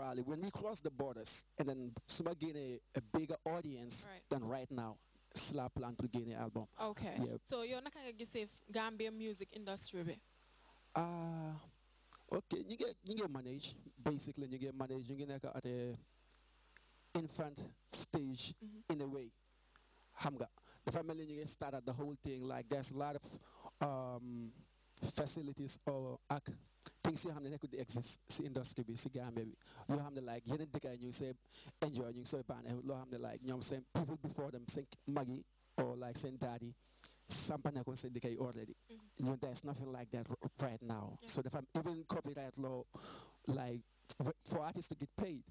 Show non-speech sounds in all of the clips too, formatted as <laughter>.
probably when we cross the borders and then Suma gain a, a bigger audience right. than right now. Slap plan to gain an album. Okay. Yeah. So you're not gonna get safe Gambia music industry. Be? Uh ah, okay. You get you get managed basically. You get managed. You get like at a infant stage mm -hmm. in a way. Hamga. The family you get started the whole thing like there's a lot of um, facilities or act things <laughs> yoo xam ne nekkul di exist si industrie bi si Gambia bi you xam ne like yeneen dëkkaay ñu ngi see enjoy ñu ngi sooy baax loo xam the like You know what I'm saying? people before them think mag or like Daddy. daad yi sampa nekkoon seen dëkkaay already mm-hmm. you there is nothing like that right now so dafa am even copyright law like for artists to get paid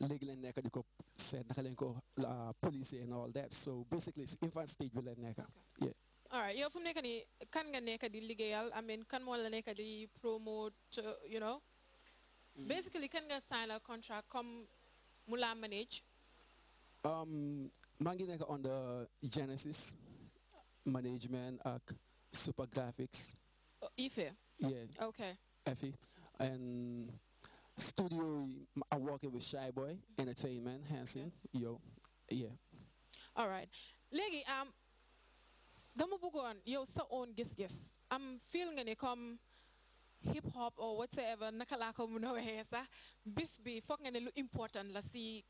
legally, leen nekk di ko seet naka leen ko ah, police and all that so basically infant stage bi leen nekk yeah all right you you're from nekk Can you nga nekk I mean can you la nekk promote you know mm. basically can you sign a contract Come, mula manage Um, ngi nekk on the Genesis management at Super Graphics oh, Ife yeah okay Effie and studio I'm working with Shy Boy mm-hmm. Entertainment Hanson yo yeah all legi. Um dama bugon yow sa own gis-gis am feeling nga come hip hop or whatever naka laa ko mun a waxee sax bif bi foog important la si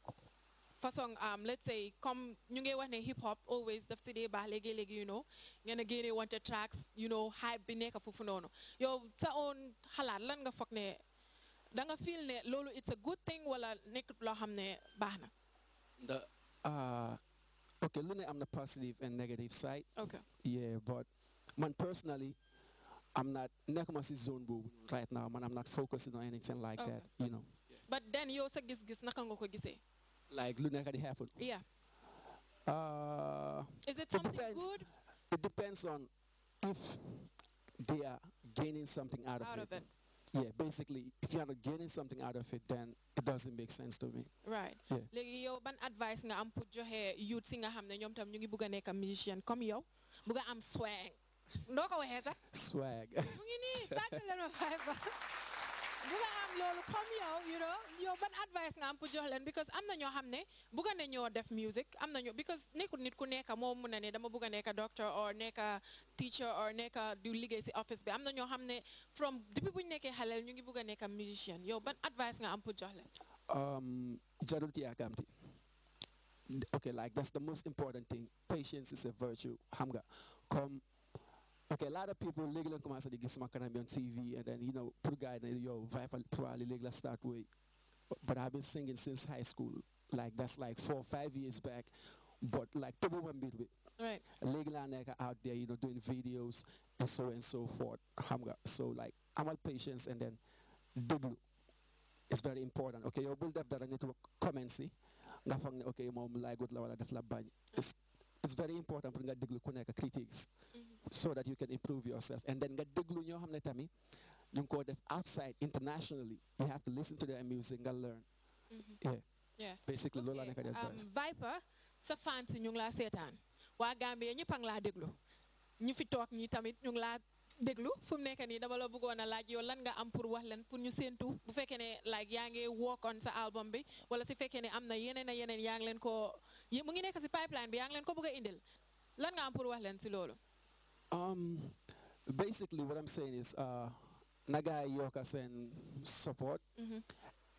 façon um, let's say come ñu ngi hip hop always daf si dee baax you know ngeen a want wante tracks you know hype bi nekk foofu noonu yow sa on halal lan nga foog ne da nga feel ne loolu it's a good thing wala nekk loo xam ne baax na. Ah, Okay, lunar, I'm the positive and negative side. Okay. Yeah, but man, personally, I'm not necromancy zone boo right now, man. I'm not focusing on anything like okay. that, you know. But then you also gis gis nakango ko gise. Like lunar can happen. Yeah. Uh, Is it something it depends, good? It depends on if they are gaining something out, out of, of it. it yeah, basically, if you're not getting something out of it, then it doesn't make sense to me. Right. Yeah. Léegi yow ban advice nga am pour joxe youth si nga xam ne you tam you ngi bëgg a nekk musicien comme yow a am swag. Ndoo ko waxee sax. Swag. Mu ngi nii tàggal leen buga am loolu comme yow you know yow ban advice nga am pour jox leen because am na ñoo xam ne buga ne ñoo def music am na ñoo because nekkul nit ku nekka mo mun na ne dama buga nekka doctor or nekka teacher or nekka du liggéey si office bi am na ñoo xam ne from depuis bu ñu nekkee xaleel ñu ngi buga nekka musician yow ban advice nga am pour jox leen um, jarul ti yaakamti okay like that's the most important thing patience is a virtue hamga come. Okay, a lot of people legally commence they get some kind of on TV, and then you know, put guy and your vibe probably legal start with. But I've been singing since high school. Like that's like four or five years back. But like double one bit with. Right. Legal and like out there, you know, doing videos and so and so forth. So like I'm all patience and then double. It's very important. Okay, you build up that network Comment commencing. Okay, mom like good level at the flap It's it's very important to get the connect critics. Mm -hmm so that you can improve yourself and then get the ñoo xam ne tamit ñu outside internationally you have to listen to their music and learn mm-hmm. yeah yeah basically loolu laa nekk um, Viper sa fans yi ñu ngi laa seetaan waa pang ñëpp a ngi laa déglu ñu fi toog ñi tamit ñu ngi laa déglu fu mu nekk nii dama la bëggoon a laaj yow lan nga am pour wax leen pour ñu séentu bu fekkee ne like yaa ngi work on sa album bi wala si fekkee ne am na yeneen a yeneen yaa ngi leen koo mu ngi nekk si pipeline bi yaa ngi leen ko bëgg a indil lan nga am pour wax leen si loolu um, basically, what I'm saying is, uh, Yoka send support. Mm -hmm.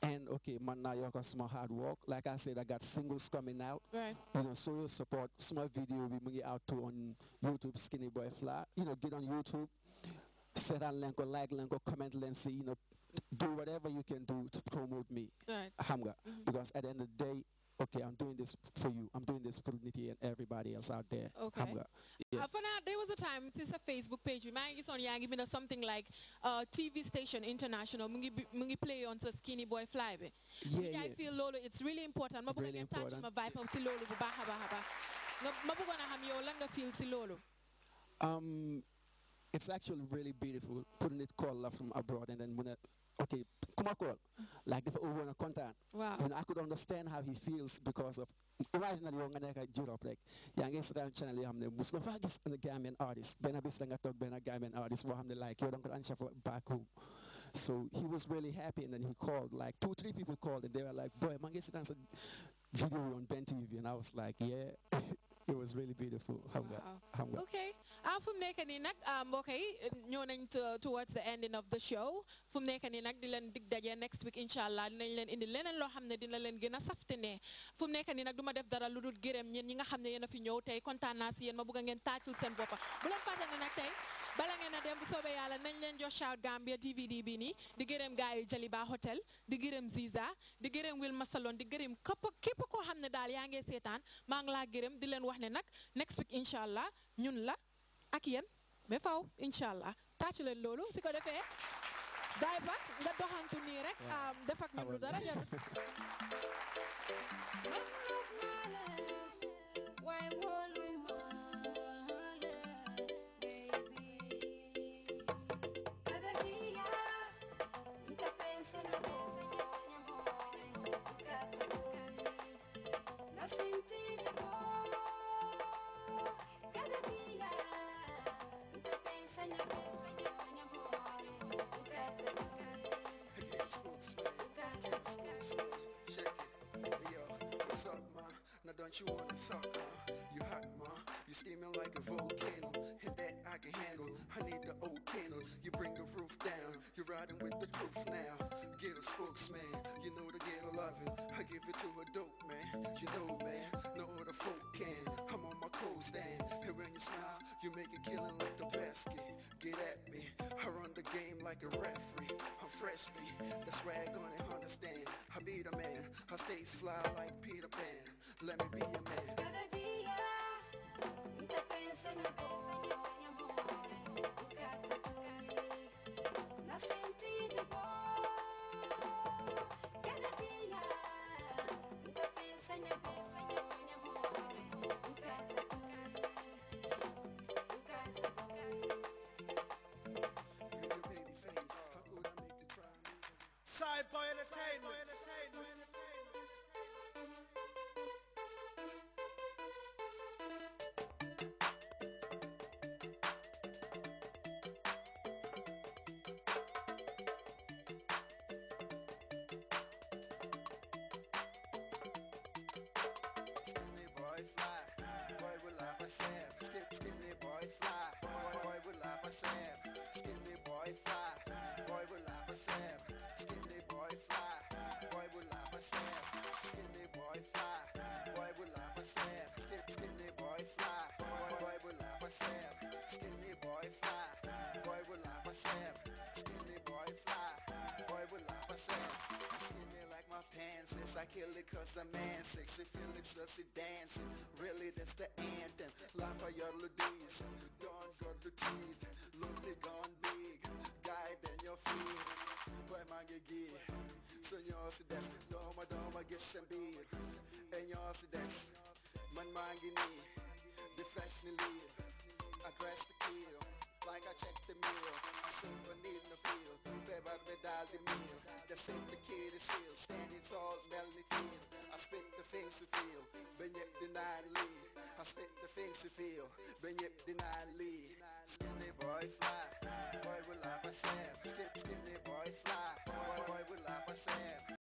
And okay, man, now you small hard work. Like I said, I got singles coming out. Right. You know, so your support, small video we bring it out to on YouTube, Skinny Boy Fly. You know, get on YouTube, set a link or like link or comment link, see, you know, do whatever you can do to promote me. Right. Hamga. Mm -hmm. Because at the end of the day, okay, I'm doing this for you. I'm doing this for Nitty and everybody else out there. Okay. Yeah. Uh, for now, there was a time, is a Facebook page, we might on Yang, even something like uh, TV station international, mungi, play on Skinny Boy Flybe. Yeah, yeah. I feel Lolo, it's really important. really important. touch my vibe of Lolo, baha baha na ham langa feel si Lolo. Um, it's actually really beautiful putting it called love from abroad and then when it okay, Kumakol, like if everyone a content. Wow. And I could understand how he feels because of imagine that you're like Europe, like young Instagram channel you have the Mustafa and the Gambian artist. Ben Abis Langa talk Ben a Gambian artist what I'm like you don't answer for back home. So he was really happy and then he called, like two, three people called and they were like, Boy, man, get video on Ben TV and I was like, Yeah <laughs> it was really beautiful xam nga xam ok ah, ah towards the ending of the show from mu nekk nii dig next week inshallah. allah dinañ indi leneen loo dina a saftinee fu mu nekk def dara lu dul gërëm ñeen ñi nga xam ne yéen a fi ñëw tey kontaan naa bala ngeen a dem bu soobee yàlla nañ leen jox shout Gambia DVD bi nii di gërëm gars yi Jaliba Hotel di gërëm Ziza di gërëm Wil Masalon di gërëm képp képp koo xam ne daal yaa ngee seetaan maa ngi laa gërëm di leen wax ne nag next week incha allah ñun la ak yéen mais faw incha allah taacu leen loolu si ko defee daay ba nga doxantu nii rek def ak ñun lu dara jarul <laughs> you wanna suck, huh? You hot, ma, you steaming like a volcano And that I can handle, I need the old candle You bring the roof down, you're riding with the truth now Get a spokesman, you know the get a I give it to a dope man, you know man No other folk can, I'm on my cold stand And when you smile, you make it killing like the basket Get at run the game like a referee. I'm fresh beat, the swag on it, understand. I be the man, I stays fly like Peter Pan. Let me be your man. Cada día, y te pensa en el Live Entertainment. fly, boy, boy will laugh at Skinny boy fly, boy will laugh at Skinny boy fly, boy will laugh at Skinny like my pants is, I kill it cause the man sexy, It feel it dancing, really that's the anthem. Lapa ladies. Don't got the teeth, look they gone big, guide in your feet. Boy Vai magigi Sonhos i dess Doma doma gessembil En jag i dess Man mangini me live, I dress the kill. Like I check the meal, I super need no feel. February dial the meal. The same the kid is still standing tall, smelling feel. I spit the things to feel, ben yet denied lead. I spit the things to feel, ben yet denied lead. Skinny boy fly, boy will I myself. Skinny boy fly, boy, boy will I myself.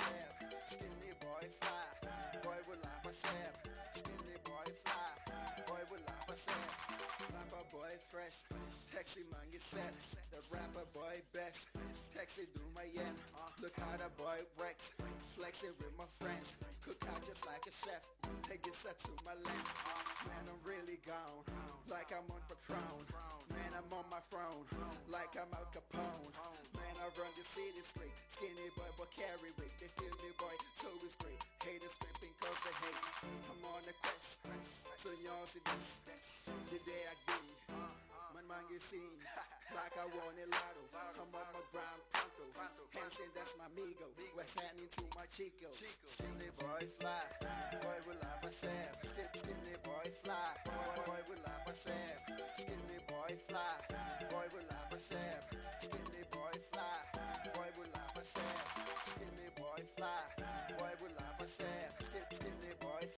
myself, skinny boy fly. Boy will love myself, skinny boy fly. Boy will love myself, rapper boy fresh. Taxi man get set, the rapper boy best. Taxi do my end, look how the boy wrecks. Flexing with my friends, cook out just like a chef. Take it set to my left. Man, I'm really gone, like I'm on Patron. Man, I'm on my throne, like I'm Al Capone. Man, I run the city street. Skinny boy, but carry weight. They feel me, boy, so it's great. Haters scraping cause they hate. I'm on a quest, so y'all see this. The day I be, man, man, you seen. <laughs> Like I won a lotto. I'm on my grind pronto. Hanson, that's my amigo. What's happening to my chicos? Skinny boy, fly. Boy, will I myself. Skinny boy, fly. Boy, will I myself. Skinny boy, fly. Boy, will I myself. Skinny boy fly, boy will I myself. Skinny boy fly, boy will I myself. Skinny boy